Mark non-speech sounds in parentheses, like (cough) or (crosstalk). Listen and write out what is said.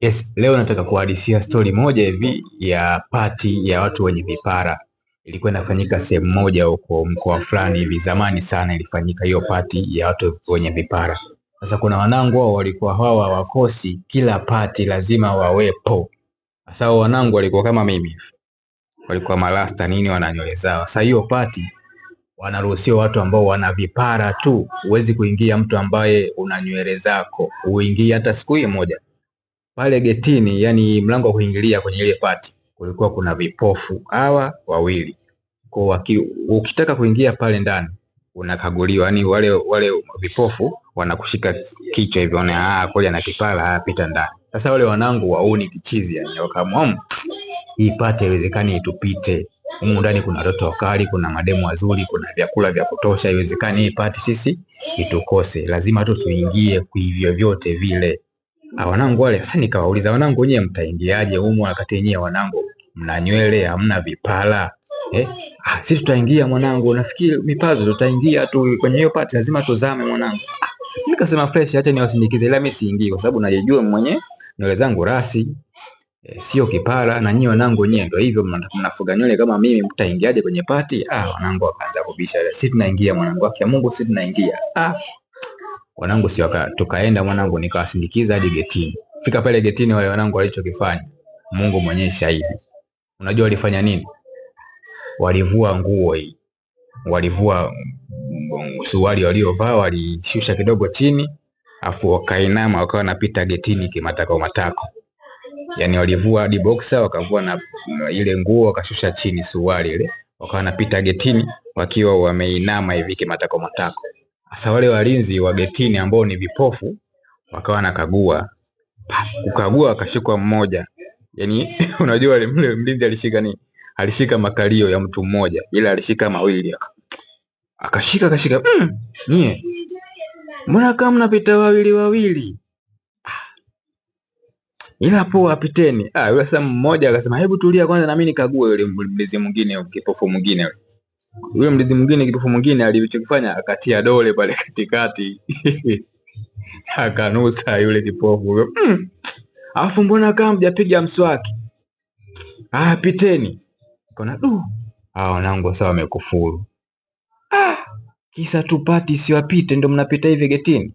Yes, leo nataka kuhadisia stori moja hivi ya pati ya watu wenye vipara. Ilikuwa inafanyika sehemu moja huko mkoa fulani hivi, zamani sana ilifanyika hiyo pati ya watu wenye vipara. Sasa kuna wanangu wao walikuwa hawa wakosi, kila pati lazima wawepo. Sasa wanangu walikuwa kama mimi, walikuwa malasta nini, wana nywele zao. Sasa hiyo pati wanaruhusiwa watu ambao wana vipara tu. Huwezi kuingia mtu ambaye una nywele zako, uingie hata siku moja pale getini, yani mlango wa kuingilia kwenye ile pati, kulikuwa kuna vipofu hawa wawili. Kwa waki, ukitaka kuingia pale ndani unakaguliwa, yani wale wale vipofu wanakushika kichwa hivyo, na ah, kule na kipala, ah, pita ndani. Sasa wale wanangu wauni kichizi, yani wakaamua mm, hii pati haiwezekani itupite humu ndani kuna watoto wakali, kuna mademu wazuri, kuna vyakula vya kutosha. Iwezekani hii pati sisi itukose, lazima tu tuingie kwa hivyo vyote vile. Ah, wanangu wale sasa, nikawauliza wanangu, wenyewe mtaingiaje humo wakati wenyewe wanangu mna nywele hamna vipala eh? Ah, sisi tutaingia mwanangu, nafikiri mipazo tutaingia tu kwenye hiyo pati, lazima tuzame mwanangu. Ah, nikasema fresh, acha niwasindikize, ila mimi siingii kwa sababu najijua mwenye nywele zangu rasi eh, sio kipala. na nyinyi wanangu wenyewe ndio hivyo, mnafuga nywele kama mimi, mtaingiaje kwenye pati? Ah, wanangu wakaanza kubisha, sisi tunaingia mwanangu, akia Mungu, sisi tunaingia ah wanangu si waka tukaenda mwanangu, nikawasindikiza hadi getini. Fika pale getini, wale wanangu walichokifanya, Mungu mwenyewe shahidi. Unajua walifanya nini? Walivua nguo hii, walivua suruali waliovaa, walishusha kidogo chini, afu wakainama, wakawa napita getini kimatako matako. Yani walivua hadi boxer, wakavua na ile nguo, wakashusha chini suruali ile, wakawa napita getini wakiwa wameinama hivi kimatako matako. Hasa wale walinzi wa getini ambao ni vipofu wakawa nakagua kukagua akashikwa mmoja. Yani (laughs) unajua yule mlinzi alishika nini? Alishika makalio ya mtu mmoja, ila alishika mawili, akashika akashika. Mm, nie mbona kama mnapita wawili wawili, ah. ila po apiteni. Ah, yule sasa mmoja akasema, hebu tulia kwanza, mimi nikague. Yule mlinzi mwingine, kipofu mwingine yule yule mlinzi mwingine, kipofu mwingine, alichokifanya akatia dole pale katikati (laughs) akanusa yule kipofu mm. Alafu mbona kama mjapiga mswaki? Ah, piteni. Kona du, ah wanangu sasa wamekufuru. Ah, kisa tupati siwapite, ndio mnapita hivi getini.